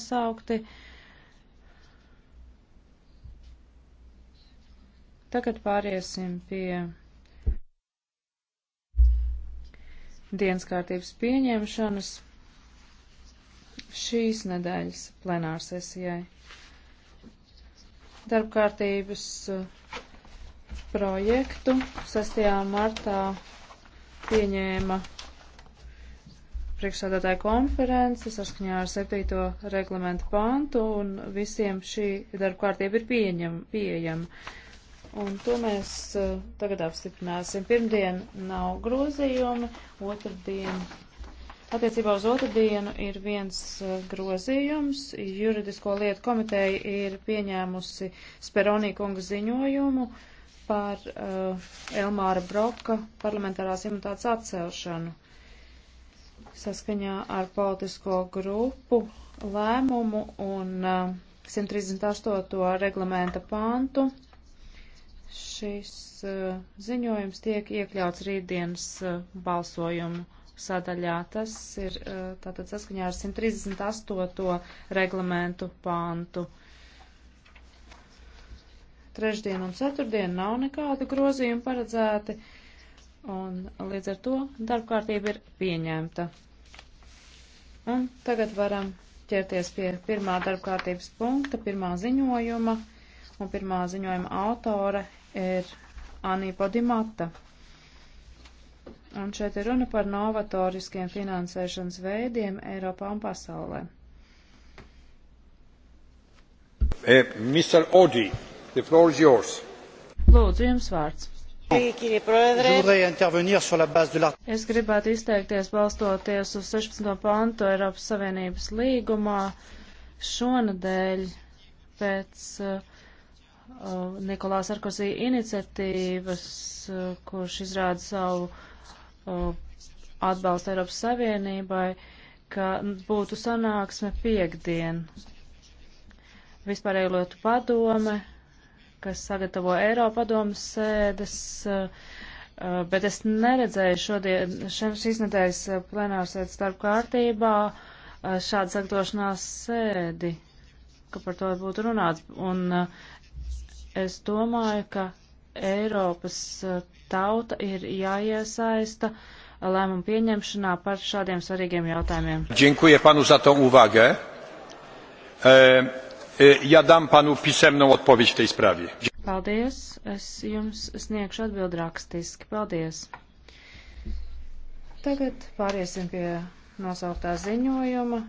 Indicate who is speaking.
Speaker 1: saukti. Tagad pāriesim pie dienas kārtības pieņemšanas šīs nedēļas plenārsesijai. Darbkārtības uh, projektu 6. martā pieņēma priekšsādātāja konferences saskaņā ar 7. reglamentu pantu un visiem šī darba kārtība ir pieņem, pieejama. Un to mēs uh, tagad apstiprināsim. Pirmdien nav grozījumi, otrdien. Attiecībā uz otrdienu ir viens uh, grozījums. Juridisko lietu komiteja ir pieņēmusi Speronī kunga ziņojumu par uh, Elmāra Broka parlamentārās imunitātes atcelšanu saskaņā ar politisko grupu lēmumu un 138. Uh, reglamenta pantu. Šis uh, ziņojums tiek iekļauts rītdienas uh, balsojumu sadaļā. Tas ir tātad saskaņā ar 138. reglamentu pantu. Trešdien un ceturtdien nav nekāda grozījuma paredzēti, un līdz ar to darbkārtība ir pieņemta. Un tagad varam ķerties pie pirmā darba kārtības punkta, pirmā ziņojuma, un pirmā ziņojuma autore ir Anī Podimata. Un šeit ir runa par novatoriskiem finansēšanas veidiem Eiropā un pasaulē. E, eh, Mr. Odi, the floor is yours. Lūdzu, jums vārds. Es gribētu izteikties balstoties uz 16. pantu Eiropas Savienības līgumā. Šonadēļ pēc uh, uh Nikolā Sarkozī iniciatīvas, uh, kurš izrāda savu uh, atbalstu Eiropas Savienībai, ka būtu sanāksme piekdien. Vispārējo lietu padome kas sagatavo Eiropadomas sēdes, eh, eh, bet es neredzēju šodien, šīs nedēļas eh, plenārsēdes starp kārtībā šādu sagatavošanās sēdi, ka par to būtu runāts. Un es domāju, ka Eiropas tauta ir jāiesaista lēmumu pieņemšanā par šādiem svarīgiem jautājumiem. Dziękuję panu za tą uwagę. E... E, ja dam panu pisemną odpowiedź w tej sprawie. Paldies. Es jums sniegšu atbildi rakstiski. Paldies. Tagad pāriesim pie nosauktā ziņojuma.